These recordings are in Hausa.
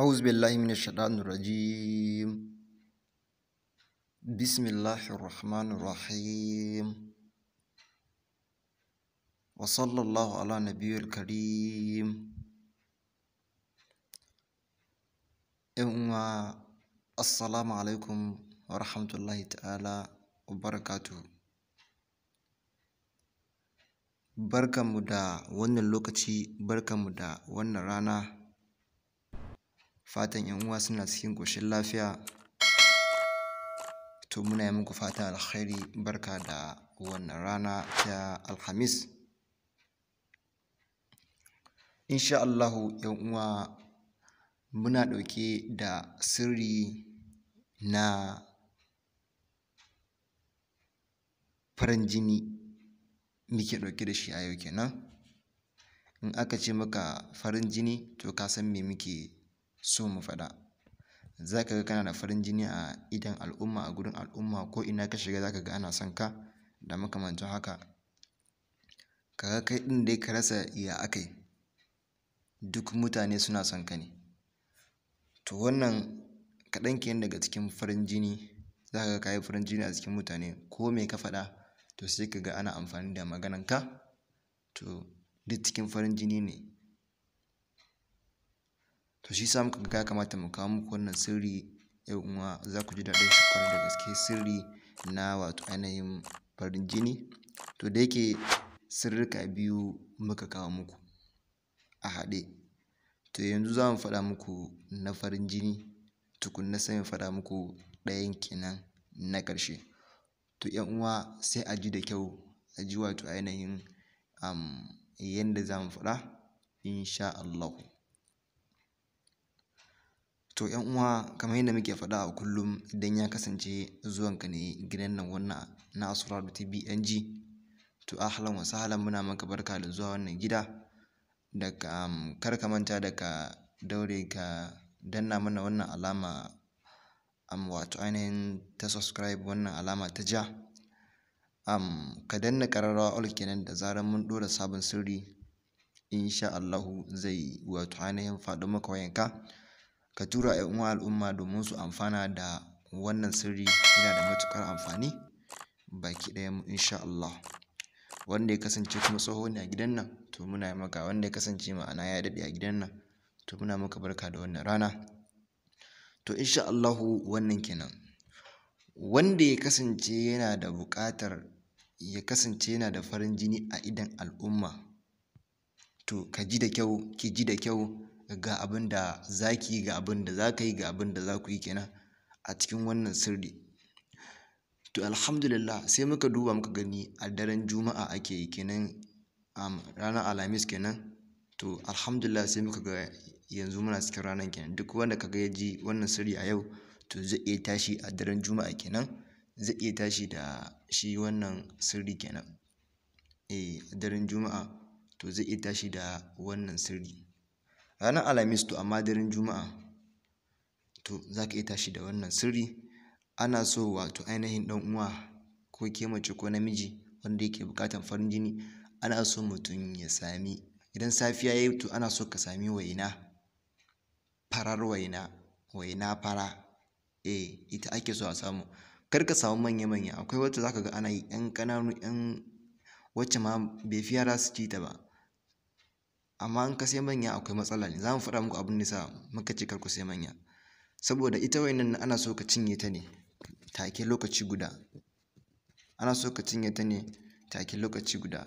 أعوذ بالله من الشيطان الرجيم بسم الله الرحمن الرحيم وصلى الله على نبي الكريم إنما السلام عليكم ورحمة الله تعالى وبركاته barkanmu da wannan lokaci barkanmu da wannan rana fatan yan uwa suna cikin koshin lafiya to muna yi muku fatan alkhairi barka da wannan rana ta alhamis insha allahu yan uwa muna ɗauke da sirri na farin jini muke ɗauke da shi a yau kenan in aka ce maka farin jini to ka san me muke so mu faɗa za ka ga kana da farin jini a idan al'umma a gurin al'umma ko ina ka shiga za ka ga ana son ka da makamancin haka ka ga kai ɗin dai ka rasa iya akai duk mutane suna son ka ne to wannan kaɗan kenan daga cikin farin jini za ka ga ka yi farin jini a cikin mutane ko me ka faɗa to sai ka ga ana amfani da ka? to duk cikin farin jini ne to shi sa muka ga ya kamata mu kawo muku wannan sirri yan uwa za ku ji daɗin shi da gaske sirri na wato ainihin farin jini to da yake sirrika biyu muka kawo muku a haɗe to yanzu za mu faɗa muku na farin jini tukunna sai mu faɗa muku ɗayan kenan na ƙarshe to yan uwa sai a ji da kyau a ji wato ainihin yanda za mu faɗa insha Allahu To ‘yan uwa kamar yadda muke faɗa a kullum idan ya kasance zuwanka ne gidan nan wannan na Asraru TV NG to ahlan wa sahlan muna maka barka da zuwa wannan gida da um, kar manta da ka daure ka danna mana wannan alama um, wato ainihin ta subscribe wannan alama ta ja um, ka danna ƙararrawa all kenan da zarar mun ɗora sabon sirri insha Allahu zai wato ainihin faɗo maka wayanka ka tura ‘yan uwa al'umma domin su amfana da wannan sirri yana da matukar amfani baki ɗaya mu insha Allah wanda ya kasance kuma tsoho ne a gidan nan to muna maka wanda ya kasance ma'ana ya daɗe a gidan nan to muna maka barka da wannan rana to insha Allahu wannan kenan wanda ya kasance yana da buƙatar ya kasance yana da farin jini a idon al'umma to ka ji da kyau ki ji da kyau ga abin da za ki yi ga abin da za ka yi ga abin da za ku yi kenan a cikin wannan sirri to alhamdulillah sai muka duba muka gani a daren juma'a ake yi kenan ranar alhamis kenan to alhamdulillah sai muka ga yanzu muna cikin ranar kenan duk wanda kaga ya ji wannan sirri a yau to zai iya tashi a daren juma'a kenan zai iya tashi da shi wannan sirri kenan eh a daren juma'a to zai iya tashi da wannan sirri ranar alhamis to amma daren juma'a to za ka iya tashi da wannan sirri ana so wato ainihin dan uwa ko ke mace ko namiji wanda yake bukatan farin jini ana so mutum ya sami idan safiya ya yi to ana so ka sami waina farar waina waina fara e ita ake so a samu kar ka samu manya-manya akwai wacce zaka ga ana yi 'yan ƙananu 'yan wacce ma bai fi yara su ci ta ba amma in ka sai manya akwai matsala ne za mu faɗa muku abin nisa muka ce kar ku sai manya saboda ita wayannan ana so ka cinye ta ne take lokaci guda ana so ka cinye ta ne take lokaci guda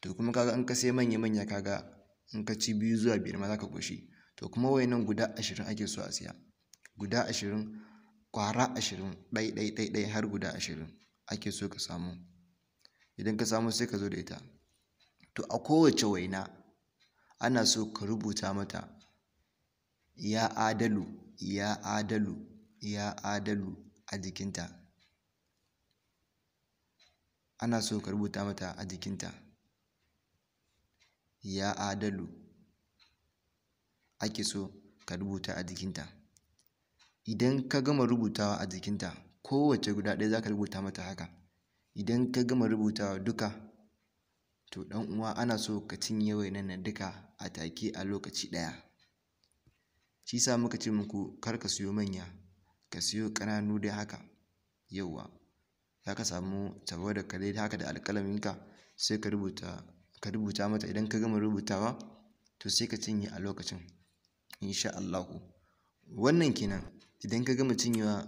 to kuma kaga in ka sai manya manya kaga in ka ci biyu zuwa biyar ma za ka ƙoshi to kuma wayannan guda ashirin ake so a siya guda ashirin ƙwara ashirin ɗai ɗai ɗai har guda ashirin ake so ka samu idan ka samu sai ka zo da ita to a kowace waina ana so ka rubuta mata ya adalu ya adalu ya adalu a jikinta ana so ka rubuta mata a jikinta ya adalu ake so ka rubuta a jikinta idan ka gama rubutawa a jikinta kowace guda ɗaya za ka rubuta mata haka idan ka gama rubutawa duka to ɗan uwa ana so ka cinye wainan nan duka a take a lokaci ɗaya shi sa muka ce muku kar ka siyo manya ka siyo ƙananu dai haka yauwa za ka samu tawadar da kare haka da alƙalaminka sai ka rubuta ka rubuta mata idan ka gama rubutawa to sai ka cinye a lokacin insha Allah wannan kenan idan ka gama cinyewa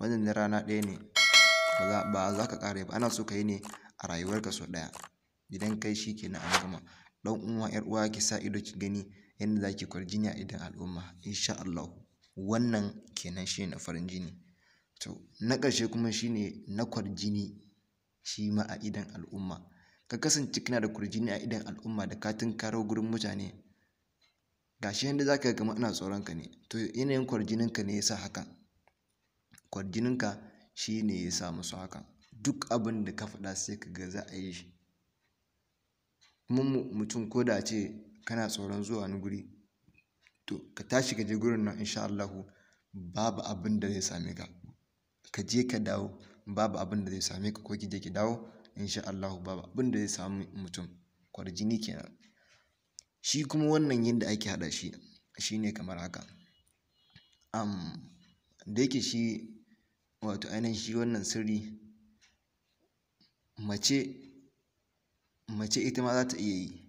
wannan na rana ɗaya ne ba za ka ƙara ba ana so ka yi ne a rayuwarka sau ɗaya Idan kai shi kenan an gama. Ɗan uwa, 'yar uwa ki sa ido ki gani yadda yanda zaki kwarjini a idon al'umma insha Allahu. Wannan kenan shi na farin jini. To na ƙarshe kuma shi ne na kwarjini shi ma a idon al'umma. Ka kasance kana da kwarjini a idan al'umma da ka tunkaro gurin mutane. Gashi yadda za ka ga ana tsoron ka ne. To yanayin kwarjininka ne ya sa haka. ka shi ne ya sa musu haka. Duk abin da ka faɗa sai ka ga za a yi shi. kuma mutum ko da ce kana tsoron zuwa wani guri to ka tashi ka je gurin nan insha Allahu babu abin da zai same ka ka je ka dawo babu abin da zai same ka ko ki je ki dawo insha Allahu babu abin da zai samu mutum kwarjini kenan shi kuma wannan yadda ake haɗa shi shine kamar haka am da yake shi wato ainihin shi wannan sirri mace mace ita ma za ta iya yi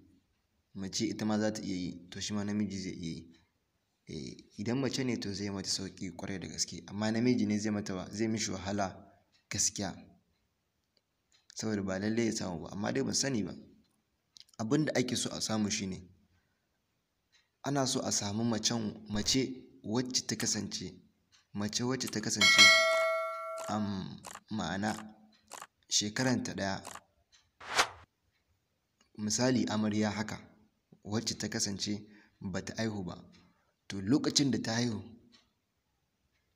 mace ita ma za ta iya yi to shi ma namiji zai iya yi eh idan mace ne to zai mata sauki kwarai da gaske amma namiji ne zai mata ba, zai mishi wahala gaskiya saboda ba lallai ya samu ba amma dai ban sani ba abin da ake so a samu shine ana so a samu macen mace wacce ta kasance mace wacce ta kasance am ma'ana shekaranta ɗaya misali amarya haka wacce ta kasance ba ta haihu ba to lokacin da ta haihu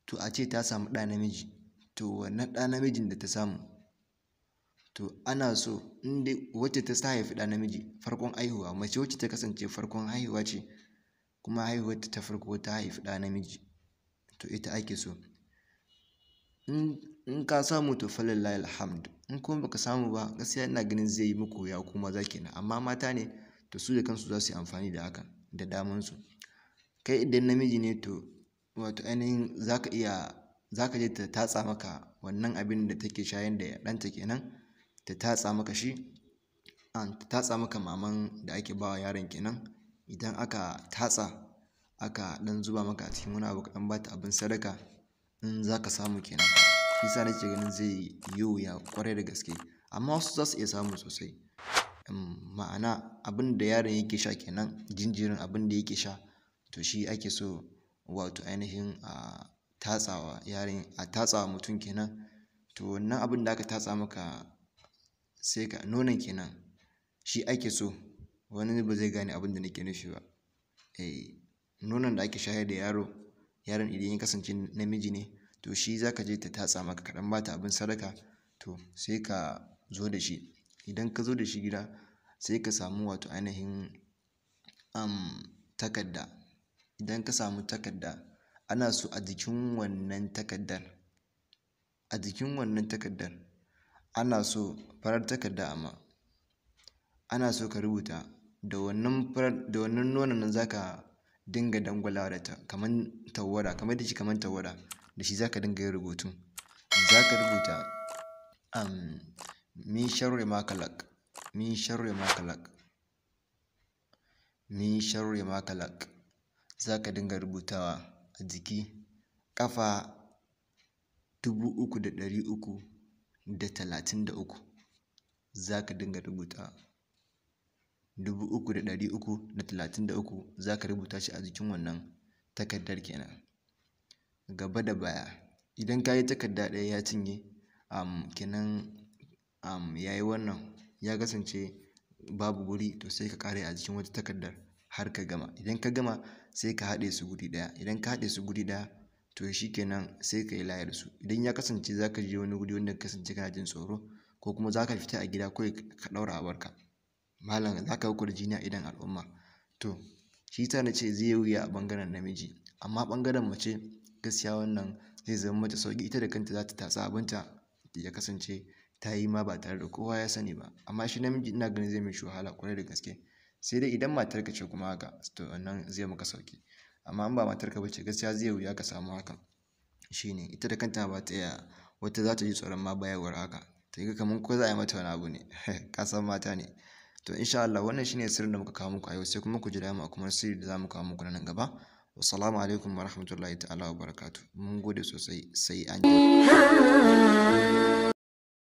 to a ce ta samu ɗa namiji to wannan ɗa namijin da ta samu to ana so in dai wacce ta haifi ɗa namiji farkon haihuwa mace wacce ta kasance farkon haihuwa ce kuma haihuwarta ta farko ta haifi ɗa namiji to ita ake so in in ka samu to falillahi alhamd in kuma baka samu ba gaskiya ina ganin zai yi muku ya kuma za kenan amma mata ne to su da kansu za su yi amfani da hakan da damansu kai idan namiji ne to wato ainihin za iya za ka je ta tatsa maka wannan abin da take shayin da ɗanta kenan ta tatsa maka shi ta tatsa maka maman da ake bawa yaron kenan idan aka tatsa aka ɗan zuba maka a cikin wani abu ka ɗan bata abin sadaka in za ka samu kenan shi sa nake ganin zai yi ya kwarai da gaske amma wasu za su iya samu sosai ma'ana abin da yaron yake sha kenan jinjirin abin da yake sha to shi ake so wato ainihin a tatsawa yaron a tatsawa mutum kenan to wannan abin da aka tatsa maka sai ka nonon kenan shi ake so wani ba zai gane abin da nake nufi ba eh, nonon da ake shayar da yaro yaron idan ya kasance namiji ne to shi za ka je ta tatsa maka kaɗan ba ta abin sadaka to sai ka zo da shi idan ka zo da shi gida sai ka samu wato ainihin um, takarda idan ka samu takarda ana so a jikin wannan takardar a jikin wannan takardar ana so farar takarda amma ana so ka rubuta da wannan farar da wannan nonon nan za ka dinga dangwalawa da ta kamar tawwada kamar da shi kamar tawwada da shi zaka dinga yin rubutu zaka rubuta um, min sharri ma kalak min sharri ma kalak min sharri ma kalak za dinga rubutawa a jiki kafa dubu uku da ɗari uku da talatin da uku za ka dinga rubuta dubu uku da ɗari uku da talatin da uku za ka rubuta shi a jikin wannan takardar kenan gaba da baya idan ka yi takarda ɗaya ya cinye um, kenan ya yi wannan ya kasance babu wuri to sai ka ƙare a jikin wata takardar har ka gama idan ka gama sai ka haɗe su guri ɗaya idan ka haɗe su guri ɗaya to shi kenan sai ka yi layar su idan ya kasance za ka je wani guri wanda ka kasance kana jin tsoro ko kuma za ka fita a gida kawai ka ɗaura a barka malam za ka ga jini a idan al'umma to shi ta na ce zai yi wuya a ɓangaren namiji amma ɓangaren mace gaskiya wannan zai zama mata sauki ita da kanta za ta tatsi abinta ya kasance ta yi ma ba tare da kowa ya sani ba amma shi namiji ina ganin zai mishi wahala kwarai da gaske sai dai idan matarka ce kuma haka to wannan zai maka sauƙi amma in ba matarka ba ce gaskiya zai wuya ka samu hakan shine ita da kanta ba ta iya wata za ta ji tsoron ma bayarwar haka ta yi kamar ko za a yi mata wani abu ne kasan mata ne to insha Allah wannan shine sirrin da muka kawo muku a yau sai kuma ku jira mu a kuma sirri da za mu kawo muku nan gaba wasalamu alaikum rahmatullahi ta'ala barakatu Mun gode sosai sai an